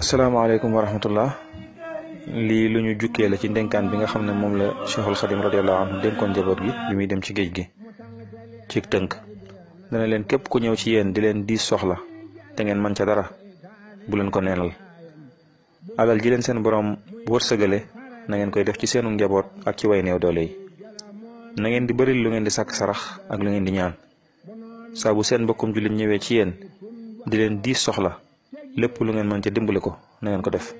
assalamualaikum warahmatullah. li luñu lu la ci denkan bi nga xam mom la cheikhul khadim radiallahu anhu dénkoon njaboot gi bi mi dem ci geej gi ci tënk dana len kep ku ñew ci yeen di len di soxla te ngeen man ca dara bu len ko neenal alal ji len seen borom wërsëgale na ngeen koy def ci seenu njabot ak ci way neew doole na ngeen di bari lu ngeen di sak sarax ak lu ngeen di ñaan sa bu seen bokkum jullit ñewé ci yeen di len di soxla lepp lu ngeen mën ci dimbali ko na ngeen ko def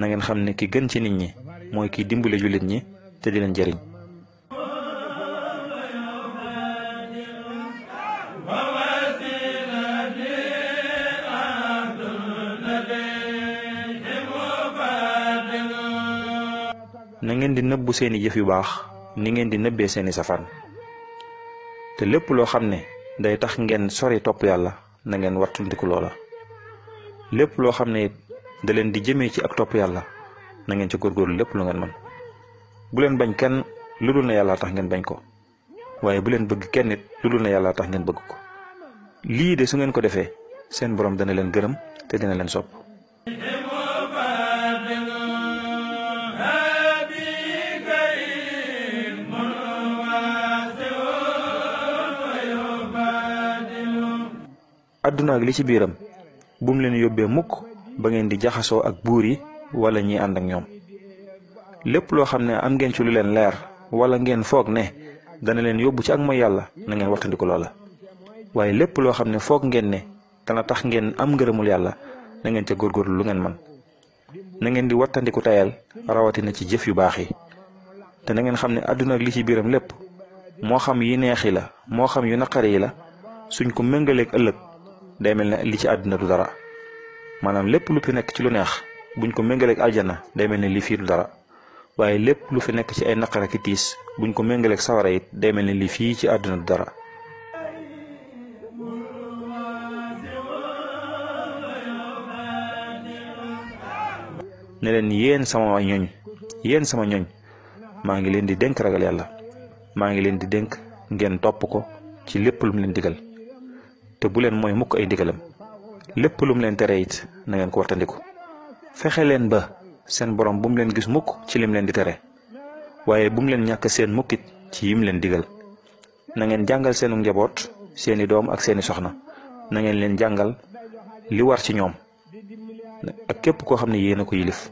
na ngeen xam ne ki gën ci nit ñi mooy ki dimbali julit ñi te di leen jariñ na ngeen di nëbbu seeni jëf yu baax ni ngeen di nëbbee seeni safan te lépp loo xam ne day tax ngeen sori topp yàlla na ngeen wattandiku loola lepp lo xamne da len di jeme ci ak top yalla na ngeen ci gor lepp lu ngeen man bu len bañ kenn lulul na yalla tax ngeen bañ ko waye bu len bëgg kenn nit lulul na yalla tax ngeen bëgg ko lii de su ngeen ko defé seen borom dana len gëreum te dina len sopp aduna ak li ci biiram bum leen yóbbee mukk ba ngeen di jaxasoo ak buur yi wala ñi ànd ak ñoom lépp loo xam ne am ngeen ci lu leen leer wala ngeen foog ne dana leen yóbbu ci ak mooy yàlla na ngeen wattandiku loola waaye lépp loo xam ne foog ngeen ne dana tax ngeen am ngërëmul yàlla na ngeen ca góorgóorlu lu ngeen man na ngeen di wattandiku tayal rawatina ci jëf yu baax yi te na ngeen xam ne àdduna ak li ci biiram lépp moo xam yi neexi la moo xam yu naqari yi la suñ ko méngaleeg ëllëg day melni li ci aduna du dara manam lepp lu fi nek ci lu neex buñ ko ak aljana day melni li fi du dara waye lepp lu fi nek ci ay ki tis buñ ko ak sawara yi day melni li fi ci aduna du dara ne len yeen sama ñooñ yeen sama ñooñ ma ngi len di denk, ragal yalla ma ngi len di denk ngeen top ko ci lepp lu mu len digal te bu leen mooy mukk ay ndigalam lépp lu mu leen tere it na ngeen ko wartandiku fexe leen ba seen borom bu mu leen gis mukk ci lim leen di tere waaye bu mu leen ñàkk seen mukkit ci yim leen digal na ngeen jàngal seenu njaboot seeni doom ak seeni soxna na ngeen leen jàngal li war ci ñoom ak képp koo xam ne yéen a ko yilif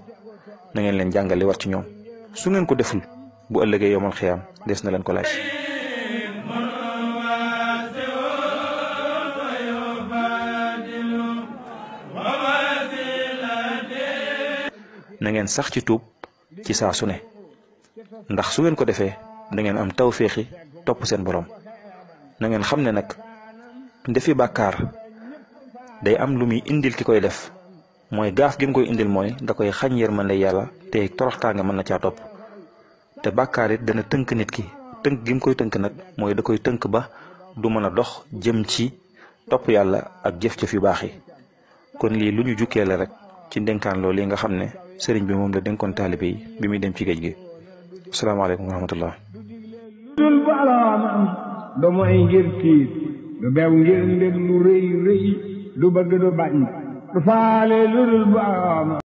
na ngeen leen jàngal li war ci ñoom su ngeen ko deful bu ëllëgee yomal xiyaam des na leen ko laaj. na ngeen sax ci tuub ci saa su ne ndax su ngeen ko defee da ngeen am tawféexi topp seen borom na ngeen xam ne nag defi bàkkaar day am lu muy indil ki koy def mooy gaaf gi mu koy indil mooy da koy xañ yërmande yàlla te toroxtaange mën na caa topp te bàkkaar it dana tënk nit ki tënk gi mu koy tënk nag mooy da koy tënk ba du mën a dox jëm ci topp yàlla ak jëf-jëf yu baax yi kon lii lu ñu jukkee la rek ci ndénkaan loolu nga xam ne sëriñ bi moom la dénkoon taalibe yi bi muy dem ci géej gi asalaamaaleykum wa rahmatullah dul mooy ngir tiit du bew ngir mbir lu rëy rëy du bëgg du bañ du faale lu dul baalaamam